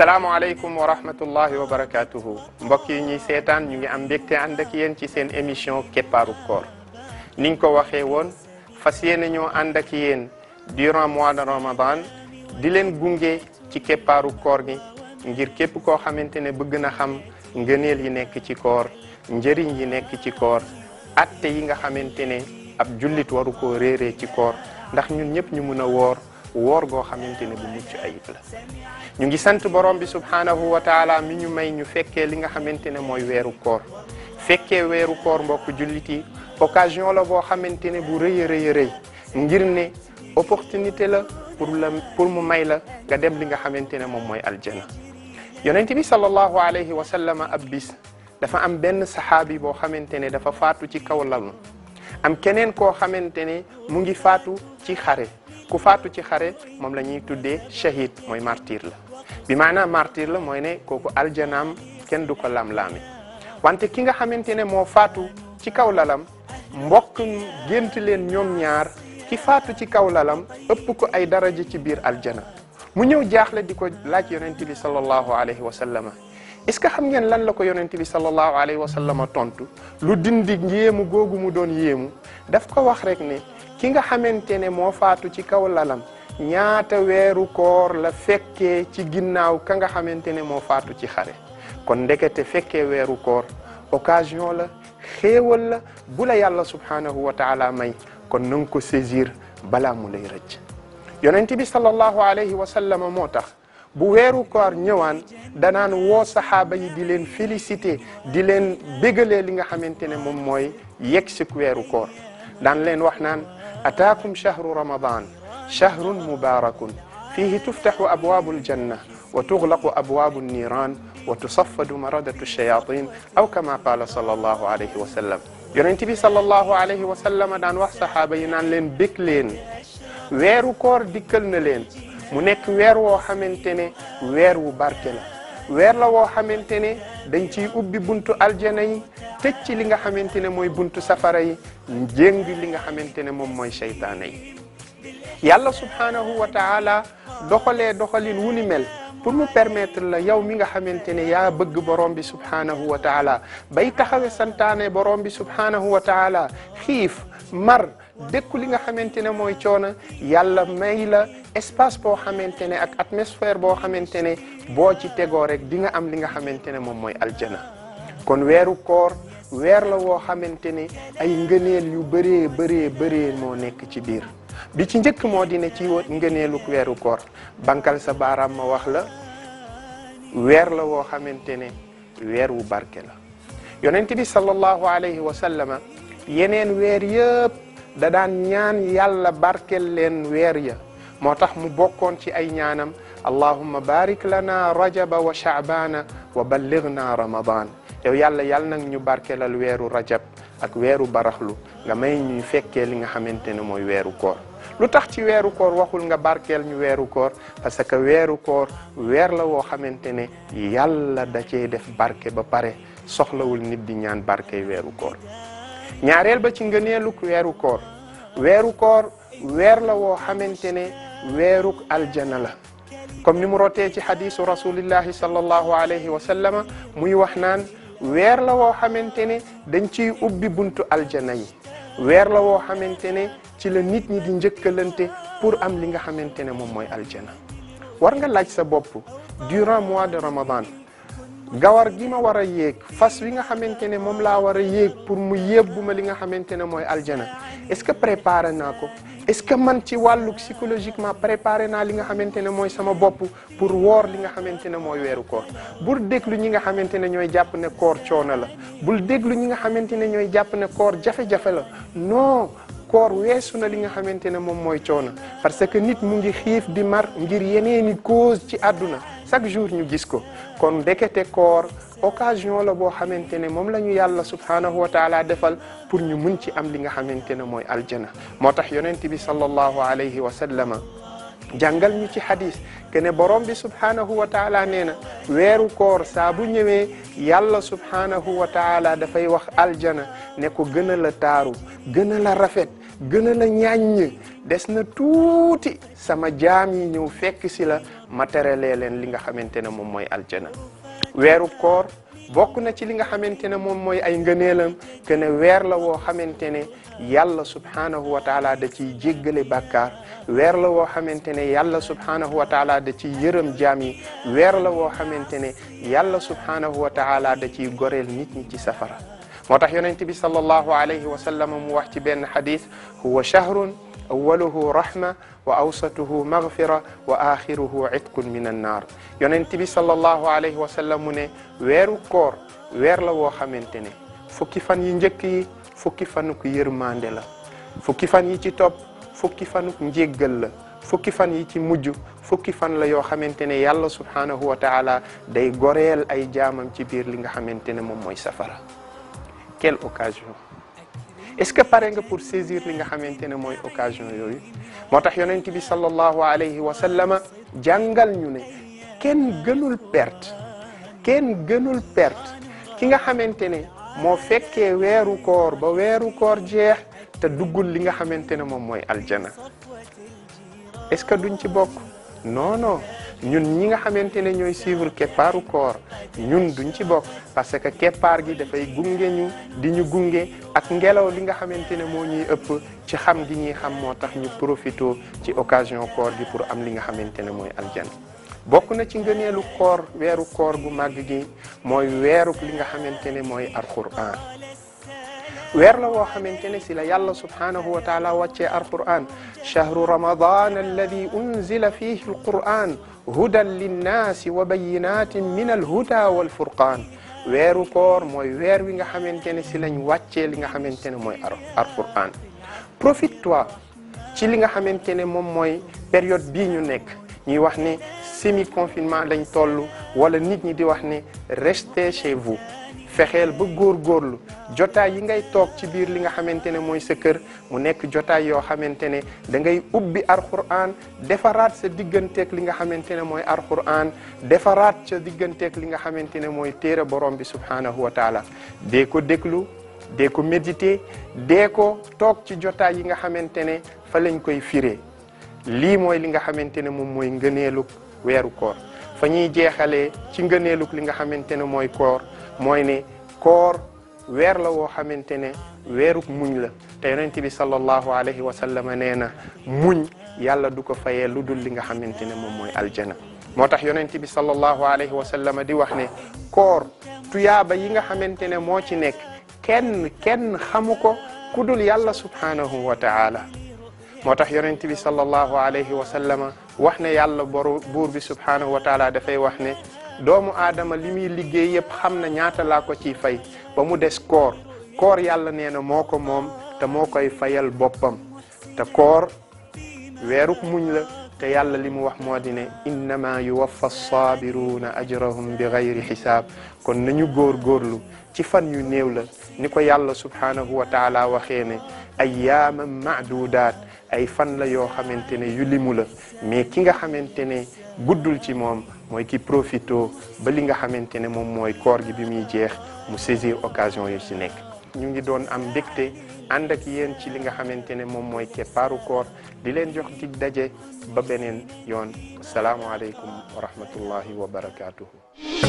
salaamaaleykum wa rahmatullahi wa barakaatuhu mbokk yi ñuy seetaan ñu ngi am mbégte ànd ak yéen ci seen émission keppaaru koor niñ ko waxee woon fas yéene ñoo ànd ak yéen durant mois de ramadan di leen gunge ci keppaaru koor gi ngir képp koo xamante ne bëgg na xam ngëneel yi nekk ci koor njëriñ yi nekk ci koor atte yi nga xamante ne ab jullit waru ko réeree ci koor ndax ñun ñëpp ñu mën a woor woor goo xamante ne bu mucc ayib la ñu ngi sant borom bi subhaanahu wa taala mi ñu may ñu fekkee li nga xamante ne mooy weeru koor fekkee weeru koor mbokk jullit yi occasion la boo xamante ne bu rëy a rëy rëy ngir ne opportunité la pour la pour mu may la nga dem li nga xamante ne moom mooy aljana yonent bi sallallahu alayhi wa sallam ab bis dafa am benn saxaabi boo xamante ne dafa faatu ci kaw lalu am keneen koo xamante ne mu ngi faatu ci xare ku faatu ci xare moom la ñuy tuddee shahid mooy martir la bi maanaam martir la mooy ne kooku aljanaam kenn du ko lam-laami wante ki nga xamante ne moo faatu ci kaw lalam mbokk gént leen ñoom ñaar ki faatu ci kaw lalam ëpp ko ay daraja ci biir aljana mu ñëw jaaxle di ko laaj yonent bi sallallahu alayhi wa sallama est ce que xam ngeen lan la ko yonent bi sallallahu alayhi wa tontu lu dindi yéemu googu mu doon yéemu daf ko wax rek ne ki nga xamante ne moo faatu ci kaw lalam ñaata weeru koor la fekkee ci ginnaaw ka nga xamante ne moo faatu ci xare kon ndekete fekke weeru koor occasion la xéewal la bu la yàlla subhaanahu wa taala may kon na ko saisir balaa mu lay rëcc yonent bi sallallahu alayhi wa sallam moo tax bu weeru koor ñëwaan danaan woo saxaaba yi di leen félicité di leen bégalee li nga xamante ne moom mooy yegg si weeru koor daan leen wax أتاكم شهر رمضان شهر مبارك فيه تفتح أبواب الجنة وتغلق أبواب النيران وتصفد مردة الشياطين أو كما قال صلى الله عليه وسلم يرين تبي صلى الله عليه وسلم دان وح صحابينا لين بك لين ويرو كور ديكل نلين منك ويرو حمنتني ويرو باركلا weer la woo xamante ne dañ ciy ubbi buntu aljana yi tëj ci li nga xamante ne mooy buntu safara yi jéng li nga xamante ne moom mooy seytaane yi yàlla subhaanahu wa taala doxalin wu ni mel pour mu permettre la yow mi nga xamante ne yaa bëgg borom bi subhaanahu wa taala bay taxawe santaane borom bi subhaanahu wa xiif mar dékku li nga xamante ne mooy coona yàlla may espace boo xamante ne ak atmosphère boo xamante ne boo ci tegoo rek dinga am li nga xamante ne moom mooy aljana kon weeru koor weer la woo xamante ne ay ngëneel yu bëree bëree bëree moo nekk ci biir bi ci njëkk moo dina ci ngëneelu weeru koor bankal sa baaraam ma wax la weer la woo xamante ne weer wu barke la yonent bi sallallahu alayhi wa yeneen weer yëpp da daan ñaan yàlla barkel leen weer ya moo tax mu bokkoon ci ay ñaanam allahumma barik lana rajaba wa chaabana wa يالا ramadan yow yàlla yàlla nag ñu barkeelal weeru rajab nga may ñuy fekke li nga xamantene moy wéru koor lu tax ci wéru koor waxul nga barkel ñu wéru koor parce que wéru koor wér la wo xamantene yàlla da cee def barke ba pare soxlawul nit di ñaan barke wéru koor ñaarel ba ci ngëneelu wéru koor wéru koor wér la wo xamantene weeruk aljana la comme ni mu rotee ci xadisu rasulillahi sallallahu alayhi wa sallama muy wax naan weer la woo xamante ne dañ ciy ubbi buntu aljana yi weer la woo xamante ne ci la nit ñi di njëkkalante pour am li nga xamante ne moom mooy aljana war nga laaj sa bopp durant mois de ramadan gawar gi ma war a yéeg fas wi nga xamante ne moom laa war a yéeg pour mu yóbbu ma li nga xamante ne mooy aljana est-ce que préparer naa ko est-ce que man ci wàllu psychologiquement préparer naa li nga xamante ne mooy sama bopp pour woor li nga xamante ne mooy weeru koor bul déglu ñi nga xamante ne ñooy jàpp ne koor coono la bul déglu ñi nga xamante ne ñooy jàpp ne koor jafe-jafe la non koor weesu na li nga xamante ne moom mooy coona parce que nit mu ngi xiif di mar ngir yeneeni cause ci àdduna chaque jour ñu gis ko kon ndekete koor occasion la bo xamantene mom lañu yàlla subhanahu wa taala defal pour ñu mën ci am li nga xamantene moy aljana motax yonent bi sallallahu alayhi wa sallam jàngal ñu ci hadith ke ne borom bi subhanahu wa taala neena wéru koor sa bu ñëwé yàlla subhanahu wa taala da fay wax aljana ne ko gëna la taru gëna la rafet gëna la ñaaññ des na tuuti sama jaam yi ñëw fekk si la ma leen li nga xamante ne moom mooy aljana weeru koor bokk na ci li nga xamante ne moom mooy ay ngëneelam que ne weer la woo xamante ne yàlla subhanahu wa taala da ciy jéggale bàkkaar weer la woo xamante ne yàlla subhanahu wa taala da ciy yërëm jaam yi weer la woo xamante ne yàlla subhanahu wa taala da ciy goreel nit ñi ci safara moo tax yonent bi sallallahu alayhi wa sallam mu wax ci benn xadis huwa shahrun أوله رحمة وأوسطه مغفرة وآخره عتق من النار يونتبي صلى الله عليه وسلم ويرو كور ويرو لو خمنتني فكي فان ينجكي فكي فانوك يرماندلا فكي فان يتي توب فكي فانوك نجيغل فكي فان يتي مجو فكي فان لا يو خمنتني يالله سبحانه وتعالى داي غوريل اي جامم تي بير ليغا خمنتني موم موي سفر quelle occasion est-ce que pare nga pour saisir li nga xamante ne mooy occasion yooyu moo tax yonent bi sallallahu alayhi wa sallama jàngal ñu ne kenn gënul perte kenn gënul perte ki nga xamante ne moo fekke weeru koor ba weeru koor jeex te duggul li nga xamante ne moom mooy aljana est-ce que duñ ci bokk non non ñun ñi nga xamante ne ñooy suivre keppaaru koor ñun duñ ci bokk parce que keppaar gi dafay gunge ñu di ñu gunge ak ngelaw li nga xamante ne moo ñuy ëpp ci xam gi ñuy xam moo tax ñu profito ci occasion koor gi pour am li nga xamante ne mooy aljana bokk na ci ngëneelu koor weeru koor gu màgg gi mooy weeru li nga xamante ne mooy alquran ويرلا وحمنتني سيلا يلا سبحانه وتعالى واتشي القرآن شهر رمضان الذي أنزل فيه القرآن هدى للناس وبينات من الهدى والفرقان ويرو كور موي وير ويغا خامتيني سي لاني واتشي ليغا خامتيني موي ار القران بروفيت توا سي ليغا خامتيني موم موي بيريود بي ني semi confinement lañ toll wala nit ñi di wax ne restez chez fexeel ba góor góorlu jotaay yi ngay toog ci biir li nga xamante ne mooy sa kër mu nekk jotaay yoo xamante ne da ngay ubbi alxuraan defaraat sa digganteeg li nga xamante ne mooy alxuraan defaraat sa digganteeg li nga xamante ne mooy téere borom bi subhaanahu wa dee ko déglu dee ko méditer dee ko toog ci jotaay yi nga xamante ne fa lañ koy firee lii mooy li nga xamante ne moom mooy ngëneelu weeru koor fa ñuy jeexale ci ngëneeluk li nga xamante ne mooy koor mooy ne koor weer la woo xamante ne weeruk muñ la te yonent bi sallallahu alayhi wa sallam nee na muñ yàlla du ko fayee lu dul li nga xamante ne moom mooy aljana moo tax yonent bi sallallahu alayhi wa sallam di wax ne koor tuyaaba yi nga xamante ne moo ci nekk kenn kenn xamu ko ku dul yàlla subhanahu wa ta'ala moo tax yonent bi sallallahu alayhi wa sallama wax ne yàlla boru buur bi subhaanahu wa taala dafay wax ne doomu aadama li muy liggéey yëpp xam na ñaata laa ko ciy fay ba mu des koor koor yàlla nee na moo ko moom te moo koy fayal boppam te koor weeruk muñ la te yàlla li mu wax moo di ne innama yuwaffa saabiruuna ajrahum bi gayri xisaab kon nañu góor góorlu ci fan yu néew la ni ko yàlla subhaanahu wa taala waxee ne ayyaaman maadudaat ay fan la yoo xamante ne yu limu la mais ki nga xamante ne guddul ci moom mooy ki profito ba li nga xamante ne moom mooy koor gi bi muy jeex mu saisir occasion yu ci nekk ñu ngi doon am mbégte ànd ak yéen ci li nga xamante ne moom mooy keppaaru koor di leen jox dig daje ba beneen yoon salaamualeykum wa rahmatullahi wa barakaatuhu